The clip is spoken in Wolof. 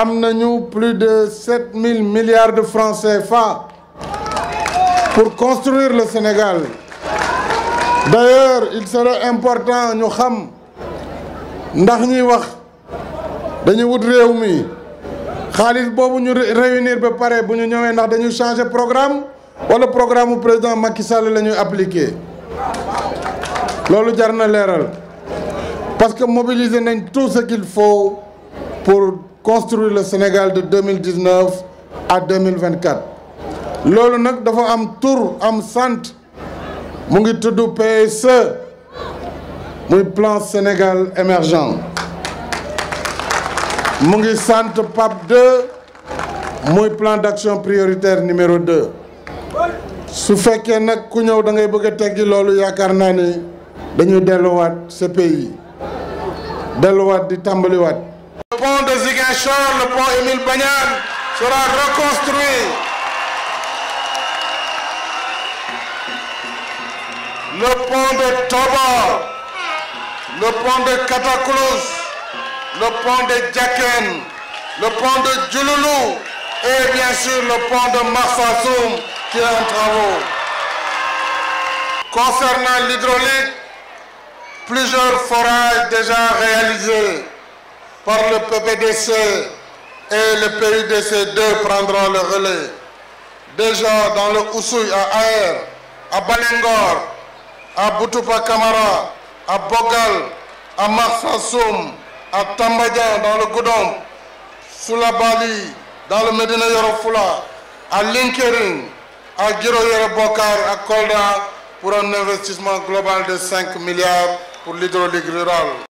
am nañu plus de sept mille milliards de francais CFA pour construire le Sénégal d'ailleurs il serait important ñu xam ndax ñuy wax dañuy wut réew mi xaalis boobu ñu réunir ba pare bu ñu ñëwee ndax dañuy changer programme wala programme mu président Macky Sall la ñuy appliquer loolu jar na leeral parce que mobiliser nañ tout ce qu'il faut pour. construire la Sénégal de 2019 à 2024 loolu nag dafa am tour am sant mu ngi tudd PSE muy plan Sénégal émergent mu ngi sant PAP 2 muy plan d'action prioritaire numéro 2 su fekkee nag ku ñëw da ngay bëgg a teggi loolu yaakaar naa ni dañuy delluwaat CPI delluwaat di tàmbaliwaat Le pont de Ziguinchor, le pont Émile Bagnan sera reconstruit. Le pont de Tobor, le pont de Katakoulos, le pont de Djaken, le pont de Djouloulou et bien sûr le pont de Marsassoum qui est en travaux. Concernant l'hydraulique, plusieurs forages déjà réalisés par le PPDC et le PUDC 2 prendront le relais. Déjà dans le Oussouy, à Aer, à Balengor, à Boutoupa Kamara, à Bogal, à Marsassoum, à Tambadjan, dans le Goudon, sous dans le Medina à Linkering, à Giro à Kolda, pour un investissement global de milliards pour l'hydraulique rurale.